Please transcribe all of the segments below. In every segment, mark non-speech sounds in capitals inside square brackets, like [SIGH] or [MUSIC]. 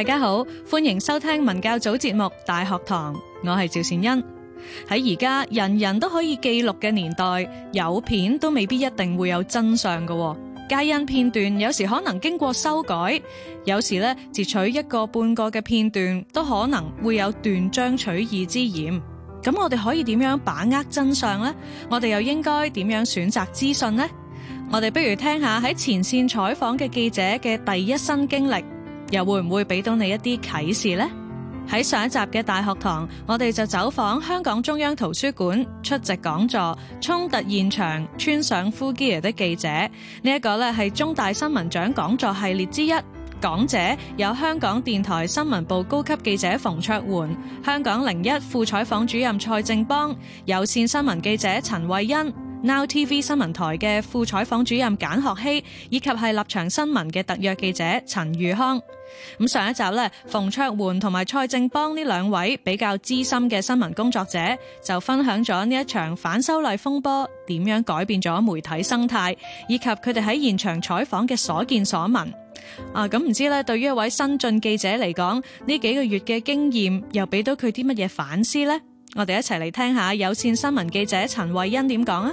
大家好，歡迎收聽文教組節目《大學堂》，我係趙善恩。喺而家人人都可以記錄嘅年代，有片都未必一定會有真相嘅喎。皆因片段有時可能經過修改，有時咧截取一個半個嘅片段，都可能會有斷章取義之嫌。咁我哋可以點樣把握真相呢？我哋又應該點樣選擇資訊呢？我哋不如聽下喺前線採訪嘅記者嘅第一身經歷。又會唔會俾到你一啲啟示呢？喺上一集嘅大學堂，我哋就走訪香港中央圖書館出席講座，衝突現場穿上 full gear 嘅記者呢一、這個咧，係中大新聞獎講座系列之一。講者有香港電台新聞部高級記者馮卓桓、香港零一副採訪主任蔡正邦、有線新聞記者陳慧欣。Now TV 新聞台嘅副採訪主任簡學希，以及係立場新聞嘅特約記者陳宇康。咁上一集咧，馮卓媛同埋蔡正邦呢兩位比較資深嘅新聞工作者，就分享咗呢一場反修例風波點樣改變咗媒體生態，以及佢哋喺現場採訪嘅所見所聞。啊，咁唔知咧，對於一位新晉記者嚟講，呢幾個月嘅經驗又俾到佢啲乜嘢反思呢？我哋一齊嚟聽下有線新聞記者陳慧欣點講啊！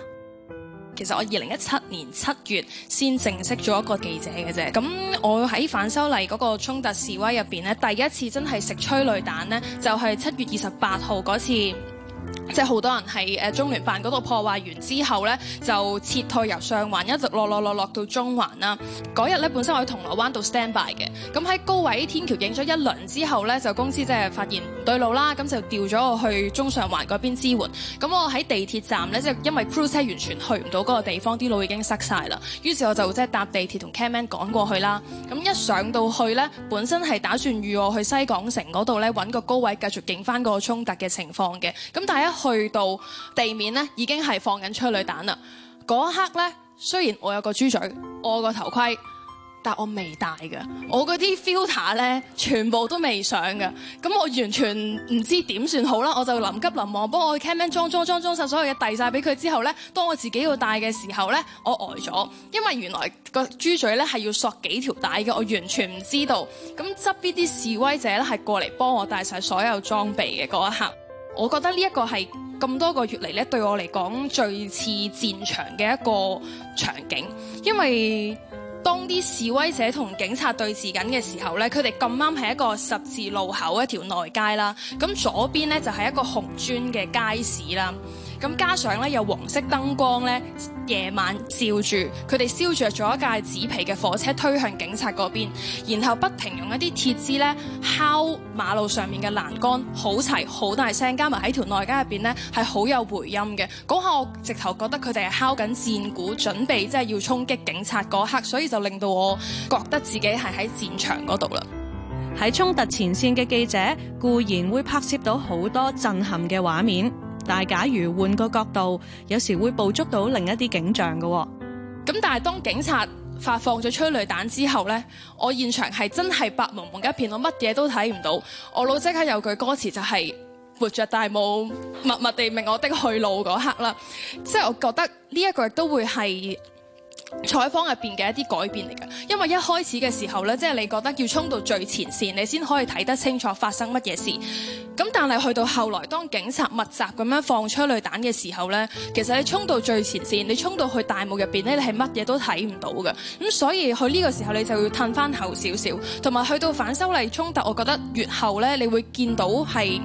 其實我二零一七年七月先正式做一個記者嘅啫，咁我喺反修例嗰個衝突示威入面呢，第一次真係食催淚彈呢，就係七月二十八號嗰次。即係好多人係誒中聯辦嗰度破壞完之後呢，就撤退由上環一直落落落落到中環啦。嗰日呢，本身我喺銅鑼灣度 stand by 嘅，咁喺高位天橋影咗一輪之後呢，就公司即係發現唔對路啦，咁就調咗我去中上環嗰邊支援。咁我喺地鐵站呢，即係因為纜車完全去唔到嗰個地方，啲路已經塞晒啦。於是我就即係搭地鐵同 caman 趕過去啦。咁一上到去呢，本身係打算預我去西港城嗰度呢，搵個高位繼續影翻個衝突嘅情況嘅。咁但去到地面咧，已經係放緊催淚彈啦。嗰一刻咧，雖然我有個豬嘴，我個頭盔，但我未戴嘅。我嗰啲 filter 咧，全部都未上嘅。咁我完全唔知點算好啦。我就臨急臨忙幫我 cameraman 裝裝裝裝晒所有嘢，遞晒俾佢之後咧，當我自己要戴嘅時候咧，我呆咗，因為原來個豬嘴咧係要索幾條帶嘅，我完全唔知道。咁側邊啲示威者咧係過嚟幫我戴晒所有裝備嘅嗰一刻。我覺得呢一個係咁多個月嚟咧，對我嚟講最似戰場嘅一個場景，因為當啲示威者同警察對峙緊嘅時候呢，佢哋咁啱喺一個十字路口一條內街啦，咁左邊呢，就係一個紅磚嘅街市啦。咁加上咧，有黃色燈光咧，夜晚照住佢哋，燒著咗一架紙皮嘅火車推向警察嗰邊，然後不停用一啲鐵枝咧敲馬路上面嘅欄杆，好齊好大聲，加埋喺條內街入面，咧係好有回音嘅。嗰下我直頭覺得佢哋係敲緊戰鼓，準備即係要衝擊警察嗰刻，所以就令到我覺得自己係喺戰場嗰度啦。喺衝突前線嘅記者固然會拍攝到好多震撼嘅畫面。但係，假如換個角度，有時會捕捉到另一啲景象嘅、哦。咁但係當警察發放咗催淚彈之後呢，我現場係真係白茫茫一片，我乜嘢都睇唔到。我腦即刻有句歌詞就係、是：活著大霧，默默地明我的去路嗰刻啦。即、就、係、是、我覺得呢一句都會係。採訪入邊嘅一啲改變嚟嘅，因為一開始嘅時候呢，即係你覺得要衝到最前線，你先可以睇得清楚發生乜嘢事。咁但係去到後來，當警察密集咁樣放催淚彈嘅時候呢，其實你衝到最前線，你衝到去大霧入邊呢，你係乜嘢都睇唔到嘅。咁所以去呢個時候你就要褪翻後少少，同埋去到反修例衝突，我覺得越後呢，你會見到係。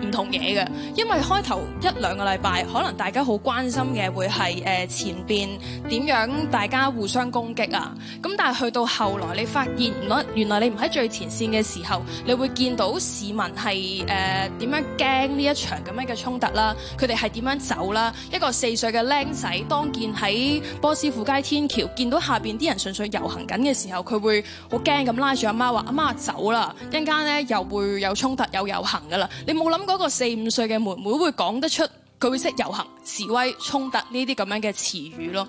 唔同嘢嘅，因為開頭一兩個禮拜，可能大家好關心嘅會係誒、呃、前邊點樣大家互相攻擊啊，咁但係去到後來你發現原來原來你唔喺最前線嘅時候，你會見到市民係誒點樣驚呢一場咁樣嘅衝突啦，佢哋係點樣走啦？一個四歲嘅僆仔當見喺波斯富街天橋見到下邊啲人純粹遊行緊嘅時候，佢會好驚咁拉住阿媽話阿媽走啦！一陣間咧又會有衝突有遊行噶啦，你冇諗。嗰個四五歲嘅妹妹會講得出佢會識遊行、示威、衝突呢啲咁樣嘅詞語咯。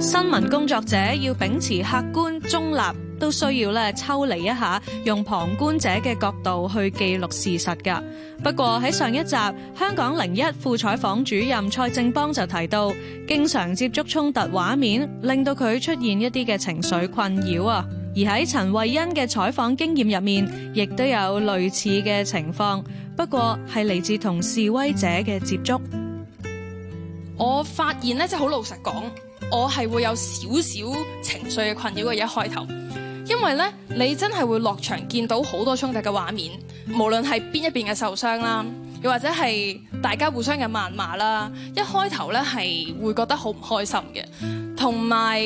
新聞工作者要秉持客觀中立，都需要咧抽離一下，用旁觀者嘅角度去記錄事實㗎。不過喺上一集，香港零一副採訪主任蔡正邦就提到，經常接觸衝突畫面，令到佢出現一啲嘅情緒困擾啊。而喺陳慧欣嘅採訪經驗入面，亦都有類似嘅情況，不過係嚟自同示威者嘅接觸。我發現咧，即係好老實講，我係會有少少情緒嘅困擾嘅。一開頭，因為咧，你真係會落場見到好多衝突嘅畫面，無論係邊一邊嘅受傷啦，又或者係大家互相嘅謾罵啦，一開頭咧係會覺得好唔開心嘅，同埋。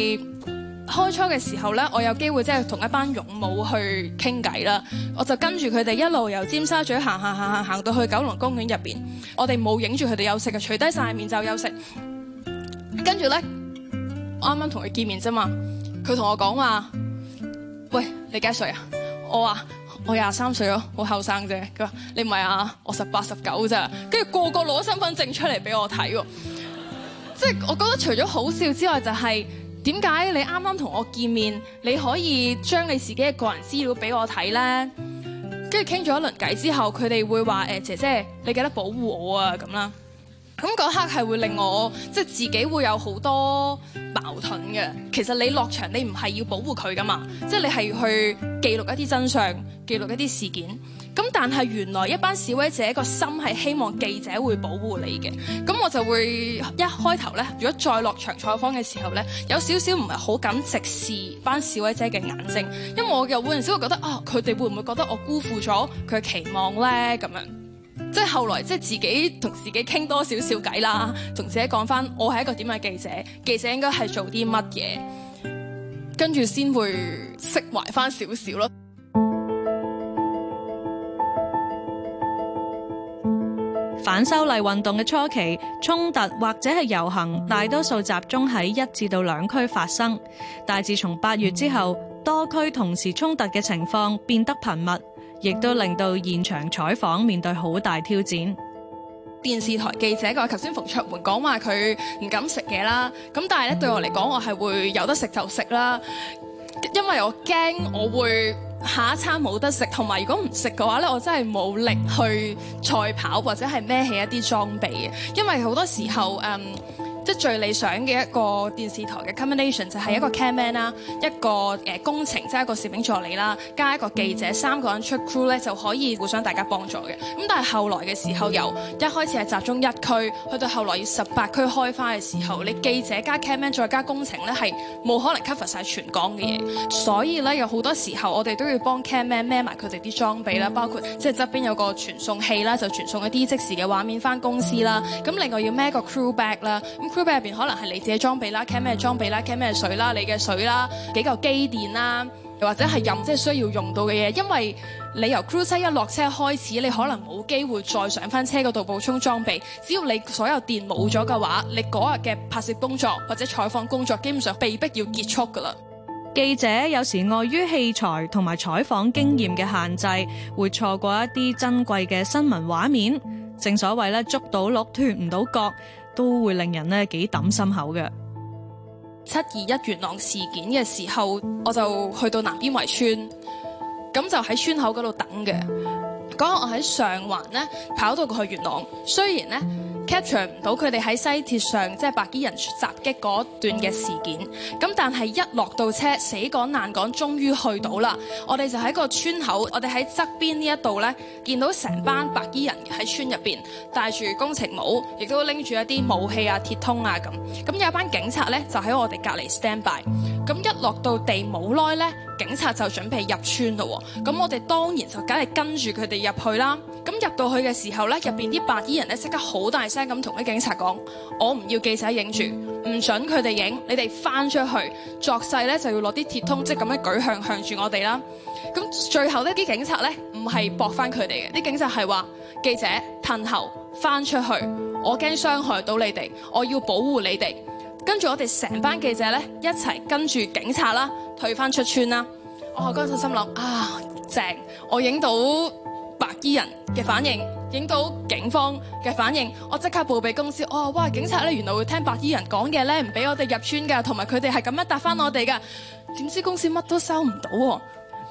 開初嘅時候咧，我有機會即係同一班勇武去傾偈啦，我就跟住佢哋一路由尖沙咀行行行行行到去九龍公園入邊。我哋冇影住佢哋休息嘅，除低晒面就休息。跟住咧，我啱啱同佢見面啫嘛，佢同我講話：喂，你幾歲啊？我話我廿三歲咯，好後生啫。佢話：你唔係啊，我十八十九咋。跟住個個攞身份證出嚟俾我睇喎，即係、 [LAUGHS] 就係、我覺得除咗好笑之外、就係，就係。點解你啱啱同我見面，你可以將你自己嘅個人資料畀我睇呢？跟住傾咗一輪偈之後，佢哋會話、哎：姐姐，你記得保護我啊咁啦。這樣。咁嗰刻係會令我即係、就是、自己會有好多矛盾嘅。其實你落場你唔係要保護佢㗎嘛，即、就、係、是、你係去記錄一啲真相、記錄一啲事件。咁但係原來一班示威者個心係希望記者會保護你嘅。咁我就會一開頭呢，如果再落場採訪嘅時候呢，有少少唔係好敢直視班示威者嘅眼睛，因為我又有時會有少少覺得：「啊，佢、哦、哋會唔會覺得我辜負咗佢嘅期望呢？」咁樣。即係後來，即係自己同自己傾多少少偈啦，同自己講翻我係一個點嘅記者，記者應該係做啲乜嘢，跟住先會釋懷翻少少咯。反修例運動嘅初期，衝突或者係遊行大多數集中喺一至到兩區發生，但係自從八月之後，多區同時衝突嘅情況變得頻密。亦都令到現場採訪面對好大挑戰。電視台記者嘅，頭先馮卓門講話佢唔敢食嘢啦，咁但係咧對我嚟講，我係會有得食就食啦，因為我驚我會下一餐冇得食，同埋如果唔食嘅話咧，我真係冇力去賽跑或者係孭起一啲裝備嘅，因為好多時候嗯。即係最理想嘅一個電視台嘅 combination 就係一個 camman 啦、嗯，一個誒、呃、工程即係一個攝影助理啦，加一個記者、嗯、三個人出 crew 咧就可以互相大家幫助嘅。咁但係後來嘅時候由一開始係集中一區，去到後來要十八區開花嘅時候，你記者加 camman 再加工程咧係冇可能 cover 晒全港嘅嘢。所以咧有好多時候我哋都要幫 camman 孭埋佢哋啲裝備啦，嗯、包括即係側邊有個傳送器啦，就傳送一啲即時嘅畫面翻公司啦。咁、嗯、另外要孭個 crew bag 啦、嗯。裝備入邊可能係你自己裝備啦，cam 咩裝備啦，cam 咩水啦，你嘅水啦，幾嚿機電啦，又或者係任即係需要用到嘅嘢，因為你由 crew 車一落車開始，你可能冇機會再上翻車嗰度補充裝備。只要你所有電冇咗嘅話，你嗰日嘅拍攝工作或者採訪工作基本上被逼要結束噶啦。記者有時礙於器材同埋採訪經驗嘅限制，會錯過一啲珍貴嘅新聞畫面。正所謂咧，捉到鹿脫唔到角。都會令人咧幾揼心口嘅。七二一元朗事件嘅時候，我就去到南邊圍村，咁就喺村口嗰度等嘅。嗰日我喺上環呢，跑到過去元朗，雖然呢，capture 唔到佢哋喺西鐵上即係、就是、白衣人襲擊嗰段嘅事件，咁但係一落到車死趕難趕，終於去到啦。我哋就喺個村口，我哋喺側邊呢一度呢，見到成班白衣人喺村入面，戴住工程帽，亦都拎住一啲武器鐵啊、鐵通啊咁。咁有班警察呢，就喺我哋隔離 stand by。咁一落到地冇耐咧，警察就準備入村咯喎。咁我哋當然就梗係跟住佢哋入去啦。咁入到去嘅時候咧，入面啲白衣人咧，即刻好大聲咁同啲警察講：我唔要記者影住，唔准佢哋影，你哋翻出去作勢咧，就要攞啲鐵通即咁樣舉向向住我哋啦。咁最後呢啲警察咧唔係駁翻佢哋嘅，啲警察係話：記者褪後翻出去，我驚傷害到你哋，我要保護你哋。跟住我哋成班記者咧，一齊跟住警察啦，退翻出村啦。我嗰陣心諗啊，正，我影到白衣人嘅反應，影到警方嘅反應。我即刻報俾公司，哦。哇，警察咧原來會聽白衣人講嘢咧，唔俾我哋入村㗎，同埋佢哋係咁樣答翻我哋㗎。」點知公司乜都收唔到，啊，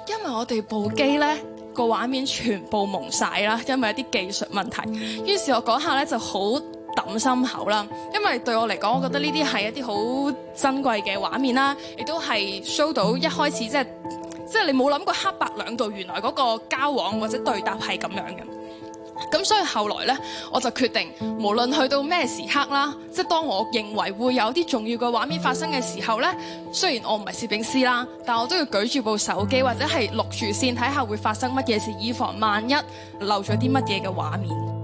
因為我哋部機咧個畫面全部蒙晒啦，因為一啲技術問題。於是，我講下咧就好。抌心口啦，因為對我嚟講，我覺得呢啲係一啲好珍貴嘅畫面啦，亦都係 show 到一開始即係即係你冇諗過黑白兩道原來嗰個交往或者對答係咁樣嘅。咁所以後來咧，我就決定無論去到咩時刻啦，即係當我認為會有啲重要嘅畫面發生嘅時候咧，雖然我唔係攝影師啦，但我都要舉住部手機或者係錄住線睇下會發生乜嘢事，以防萬一漏咗啲乜嘢嘅畫面。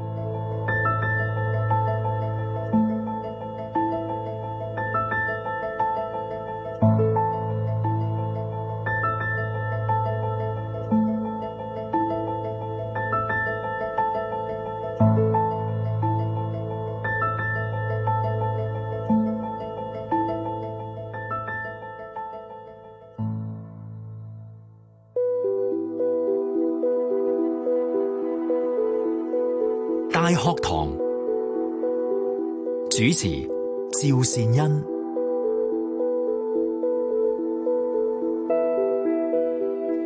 學堂主持趙善恩，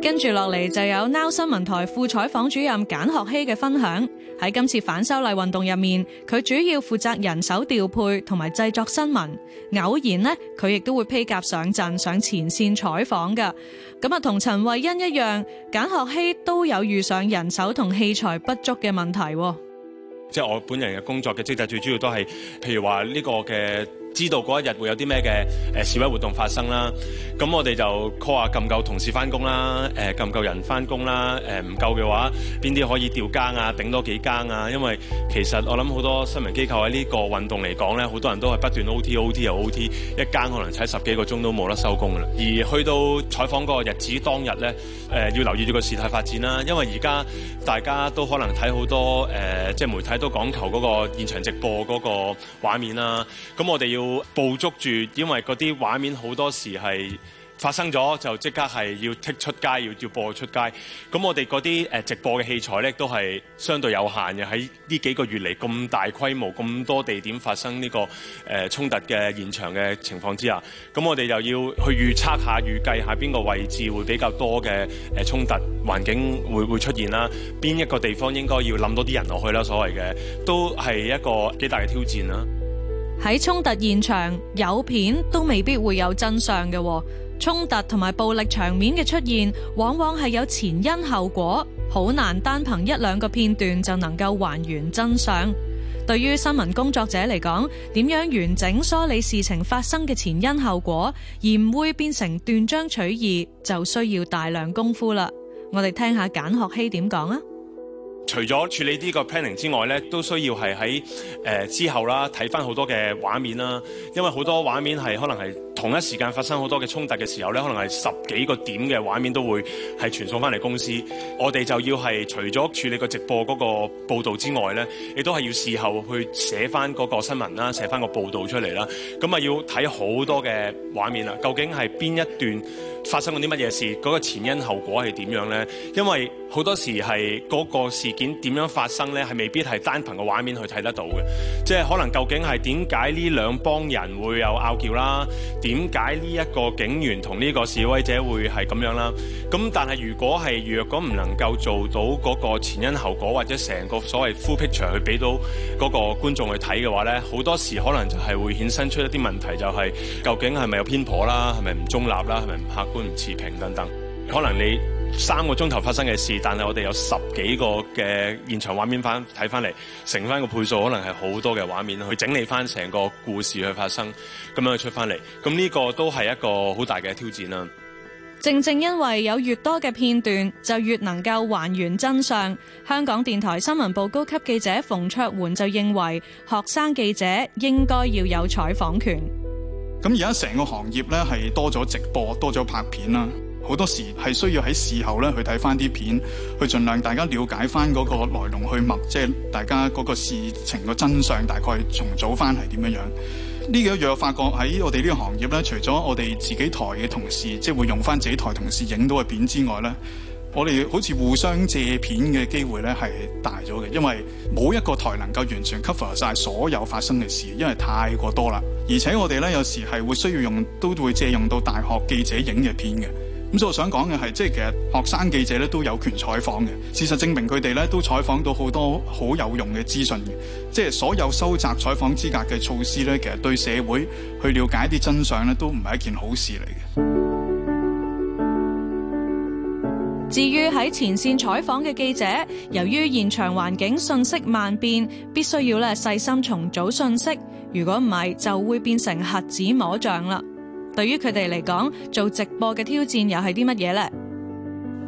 跟住落嚟就有 Now 新聞台副採訪主任簡學希嘅分享。喺今次反修例運動入面，佢主要負責人手調配同埋製作新聞，偶然呢，佢亦都會披甲上陣上前線採訪㗎。咁啊，同陳慧欣一樣，簡學希都有遇上人手同器材不足嘅問題。即係我本人嘅工作嘅職責，最主要都係譬如話呢個嘅。知道嗰一日會有啲咩嘅，誒示威活動發生啦，咁我哋就 call 下夠唔夠同事翻工啦，誒咁夠人翻工啦，誒唔夠嘅話邊啲可以調更啊，頂多幾更啊？因為其實我諗好多新聞機構喺呢個運動嚟講咧，好多人都係不斷 OT OT 又 OT，一更可能踩十幾個鐘都冇得收工㗎啦。而去到採訪嗰個日子當日咧，誒、呃、要留意住個事態發展啦，因為而家大家都可能睇好多誒、呃、即係媒體都講求嗰個現場直播嗰個畫面啦，咁我哋要捕捉住，因為嗰啲畫面好多時係發生咗，就即刻係要剔出街，要要播出街。咁我哋嗰啲誒直播嘅器材咧，都係相對有限嘅。喺呢幾個月嚟，咁大規模、咁多地點發生呢個誒衝突嘅現場嘅情況之下，咁我哋又要去預測下、預計下邊個位置會比較多嘅誒衝突環境會會出現啦，邊一個地方應該要冧多啲人落去啦。所謂嘅都係一個幾大嘅挑戰啦。喺衝突現場有片都未必會有真相嘅。衝突同埋暴力場面嘅出現，往往係有前因後果，好難單憑一兩個片段就能夠還原真相。對於新聞工作者嚟講，點樣完整梳理事情發生嘅前因後果，而唔會變成斷章取義，就需要大量功夫啦。我哋聽下簡學希點講啊！除咗處理呢個 planning 之外呢，都需要係喺誒之後啦，睇翻好多嘅畫面啦。因為好多畫面係可能係同一時間發生好多嘅衝突嘅時候呢，可能係十幾個點嘅畫面都會係傳送翻嚟公司。我哋就要係除咗處理個直播嗰個報導之外呢，亦都係要事後去寫翻嗰個新聞啦，寫翻個報導出嚟啦。咁啊要睇好多嘅畫面啦，究竟係邊一段？發生過啲乜嘢事，嗰、那個前因後果係點樣呢？因為好多時係嗰個事件點樣發生呢？係未必係單憑個畫面去睇得到嘅。即係可能究竟係點解呢兩幫人會有拗撬啦？點解呢一個警員同呢個示威者會係咁樣啦？咁但係如果係若果唔能夠做到嗰個前因後果或者成個所謂 full picture 去俾到嗰個觀眾去睇嘅話呢，好多時可能就係會衍生出一啲問題，就係、是、究竟係咪有偏頗啦？係咪唔中立啦？係咪唔客般持平等等，可能你三個鐘頭發生嘅事，但係我哋有十幾個嘅現場畫面翻睇、翻嚟，乘翻個配數，可能係好多嘅畫面去整理翻成個故事去發生，咁樣出翻嚟。咁呢個都係一個好大嘅挑戰啦。正正因為有越多嘅片段，就越能夠還原真相。香港電台新聞部高級記者馮卓媛就認為，學生記者應該要有採訪權。咁而家成個行業咧係多咗直播，多咗拍片啦。好多時係需要喺事後咧去睇翻啲片，去盡量大家了解翻嗰個來龍去脈，即係大家嗰個事情個真相大概重組翻係點樣樣。呢幾個月我發覺喺我哋呢個行業咧，除咗我哋自己台嘅同事，即係會用翻自己台同事影到嘅片之外咧。我哋好似互相借片嘅機會咧，係大咗嘅。因為冇一個台能夠完全 cover 晒所有發生嘅事，因為太過多啦。而且我哋咧有時係會需要用，都會借用到大學記者影嘅片嘅。咁所以我想講嘅係，即係其實學生記者咧都有權採訪嘅。事實證明佢哋咧都採訪到好多好有用嘅資訊嘅。即係所有收集採訪資格嘅措施咧，其實對社會去了解一啲真相咧，都唔係一件好事嚟嘅。至於喺前線採訪嘅記者，由於現場環境瞬息萬變，必須要咧細心重組信息。如果唔係，就會變成瞎子摸象啦。對於佢哋嚟講，做直播嘅挑戰又係啲乜嘢呢？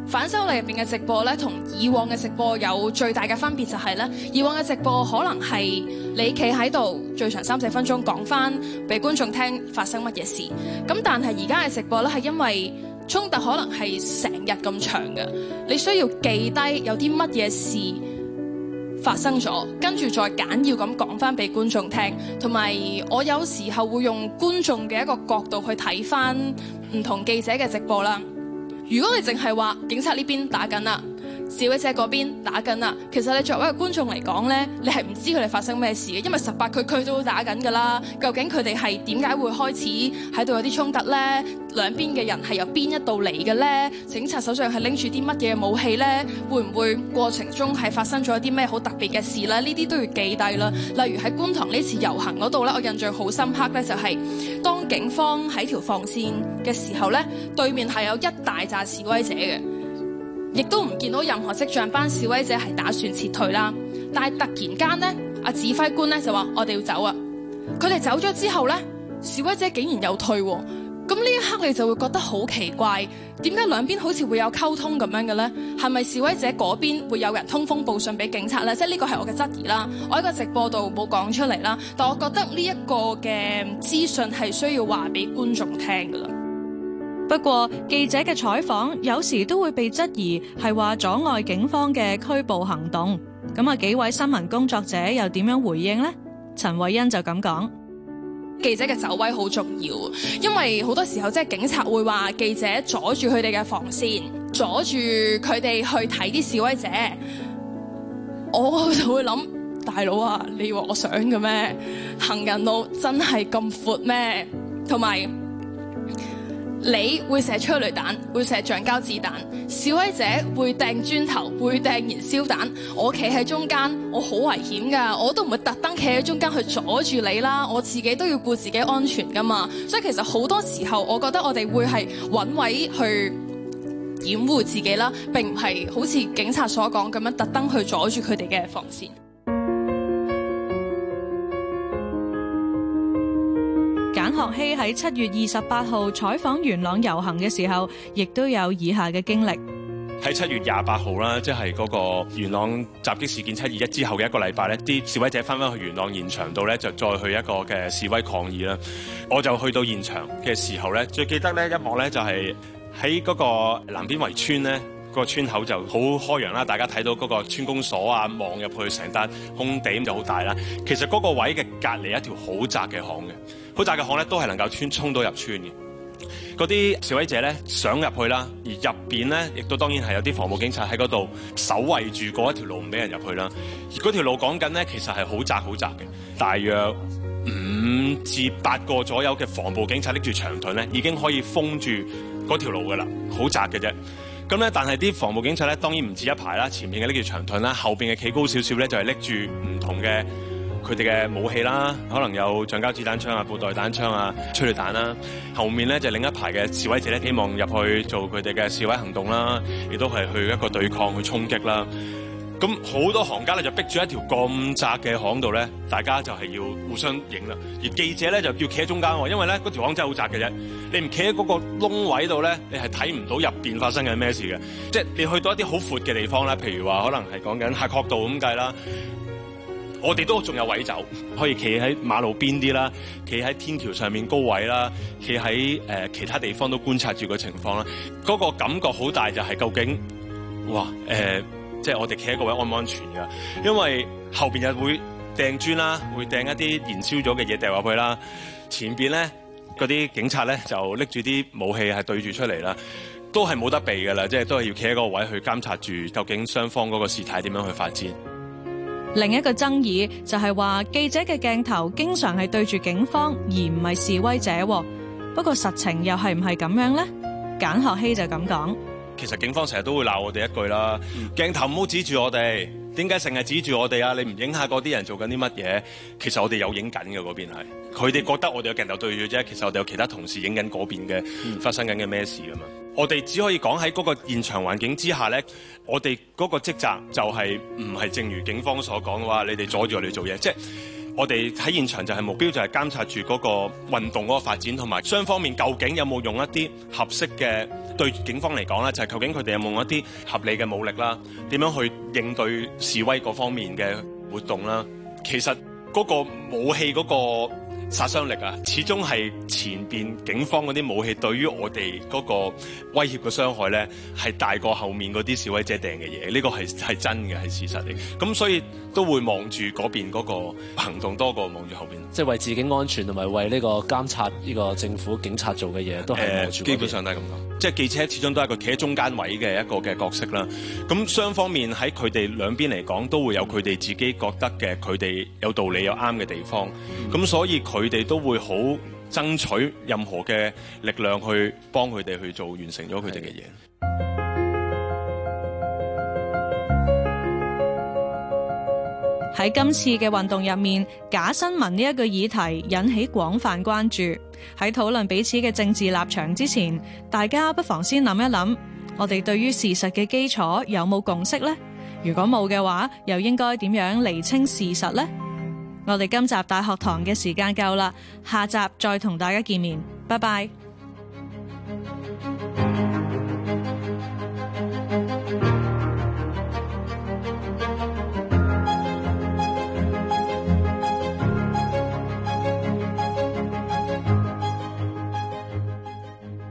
反修例入邊嘅直播咧，同以往嘅直播有最大嘅分別就係、是、咧，以往嘅直播可能係你企喺度最長三四分鐘講翻俾觀眾聽發生乜嘢事。咁但係而家嘅直播咧，係因為衝突可能係成日咁長嘅，你需要記低有啲乜嘢事發生咗，跟住再簡要咁講翻俾觀眾聽。同埋我有時候會用觀眾嘅一個角度去睇翻唔同記者嘅直播啦。如果你淨係話警察呢邊打緊啦。示威者嗰邊打緊啦，其實你作為一個觀眾嚟講咧，你係唔知佢哋發生咩事嘅，因為十八區區都打緊噶啦。究竟佢哋係點解會開始喺度有啲衝突咧？兩邊嘅人係由邊一度嚟嘅咧？警察手上係拎住啲乜嘢武器咧？會唔會過程中係發生咗啲咩好特別嘅事咧？呢啲都要記低啦。例如喺觀塘呢次遊行嗰度咧，我印象好深刻咧，就是，就係當警方喺條防線嘅時候咧，對面係有一大紮示威者嘅。亦都唔見到任何跡象班示威者係打算撤退啦，但係突然間呢，阿指揮官咧就話：我哋要走啊！佢哋走咗之後呢，示威者竟然又退喎，咁呢一刻你就會覺得好奇怪，點解兩邊好似會有溝通咁樣嘅呢？係咪示威者嗰邊會有人通風報信俾警察呢？即係呢個係我嘅質疑啦，我喺個直播度冇講出嚟啦，但我覺得呢一個嘅資訊係需要話俾觀眾聽㗎啦。不過記者嘅採訪有時都會被質疑係話阻礙警方嘅拘捕行動，咁啊幾位新聞工作者又點樣回應呢？陳慧欣就咁講：記者嘅走位好重要，因為好多時候即係警察會話記者阻住佢哋嘅防線，阻住佢哋去睇啲示威者，我就會諗：大佬啊，你話我想嘅咩？行人路真係咁闊咩？同埋。你會射催淚彈，會射橡膠子彈，示威者會掟磚頭，會掟燃燒彈。我企喺中間，我好危險㗎，我都唔會特登企喺中間去阻住你啦，我自己都要顧自己安全㗎嘛。所以其實好多時候，我覺得我哋會係揾位去掩護自己啦，並唔係好似警察所講咁樣特登去阻住佢哋嘅防線。樂希喺七月二十八號採訪元朗遊行嘅時候，亦都有以下嘅經歷。喺七月廿八號啦，即係嗰個元朗襲擊事件七二一之後嘅一個禮拜呢，啲示威者翻返去元朗現場度呢，就再去一個嘅示威抗議啦。我就去到現場嘅時候呢，最記得呢一幕呢，就係喺嗰個南邊圍村呢。個村口就好開揚啦、啊，大家睇到嗰個村公所啊，望入去成笪空地咁就好大啦。其實嗰個位嘅隔離一條好窄嘅巷嘅，好窄嘅巷咧都係能夠村衝到入村嘅。嗰啲示威者咧想入去啦，而入邊咧亦都當然係有啲防暴警察喺嗰度守衛住嗰一條路，唔俾人入去啦。而嗰條路講緊咧，其實係好窄好窄嘅，大約五至八個左右嘅防暴警察拎住長盾咧，已經可以封住嗰條路噶啦，好窄嘅啫。咁咧，但係啲防暴警察咧，當然唔止一排啦，前面嘅拎住長盾啦，後面嘅企高少少咧，就係拎住唔同嘅佢哋嘅武器啦，可能有橡膠子彈槍啊、布袋彈槍啊、催淚彈啦，後面咧就另一排嘅示威者咧，希望入去做佢哋嘅示威行動啦，亦都係去一個對抗、去衝擊啦。咁好多行家咧就逼住一條咁窄嘅巷度咧，大家就係要互相影啦。而記者咧就叫企喺中間喎。哦，因為咧嗰條巷真係好窄嘅啫。你唔企喺嗰個窿位度咧，你係睇唔到入邊發生緊咩事嘅。即係你去到一啲好闊嘅地方咧，譬如話可能係講緊夏愨道咁計啦，我哋都仲有位走，可以企喺馬路邊啲啦，企喺天橋上面高位啦，企喺誒其他地方都觀察住個情況啦。嗰、那個感覺好大就係究竟，哇誒。呃即係我哋企喺個位安唔安全㗎？因為後邊又會掟磚啦，會掟一啲燃燒咗嘅嘢掉落去啦。前邊咧，嗰啲警察咧就拎住啲武器係對住出嚟啦，都係冇得避㗎啦，即係都係要企喺個位去監察住究竟雙方嗰個事態點樣去發展。另一個爭議就係話，記者嘅鏡頭經常係對住警方而唔係示威者。不過實情又係唔係咁樣咧？簡學希就咁講。其實警方成日都會鬧我哋一句啦，鏡頭唔好指住我哋，點解成日指住我哋啊？你唔影下嗰啲人做緊啲乜嘢？其實我哋有影緊嘅嗰邊係，佢哋覺得我哋有鏡頭對住啫，其實我哋有其他同事影緊嗰邊嘅發生緊嘅咩事㗎嘛。嗯、我哋只可以講喺嗰個現場環境之下咧，我哋嗰個職責就係唔係正如警方所講嘅話，你哋阻住我哋做嘢，即係。我哋喺現場就係目標，就係監察住嗰個運動嗰個發展，同埋雙方面究竟有冇用一啲合適嘅對警方嚟講呢，就係、是、究竟佢哋有冇一啲合理嘅武力啦？點樣去應對示威嗰方面嘅活動啦？其實嗰個武器嗰、嗰個。殺傷力啊！始終係前面警方嗰啲武器對於我哋嗰個威脅嘅傷害咧，係大過後面嗰啲示威者掟嘅嘢。呢個係係真嘅，係事實嚟。咁所以都會望住嗰邊嗰個行動多過望住後面，即係為自己安全同埋為呢個監察呢個政府警察做嘅嘢，都係望住。基本上都係咁講。即係記者始終都係個企喺中間位嘅一個嘅角色啦。咁雙方面喺佢哋兩邊嚟講，都會有佢哋自己覺得嘅佢哋有道理有啱嘅地方。咁、嗯、所以佢哋都會好爭取任何嘅力量去幫佢哋去做完成咗佢哋嘅嘢。喺今次嘅運動入面，假新聞呢一個議題引起廣泛關注。喺討論彼此嘅政治立場之前，大家不妨先諗一諗，我哋對於事實嘅基礎有冇共識呢？如果冇嘅話，又應該點樣釐清事實呢？我哋今集大學堂嘅時間夠啦，下集再同大家見面，拜拜。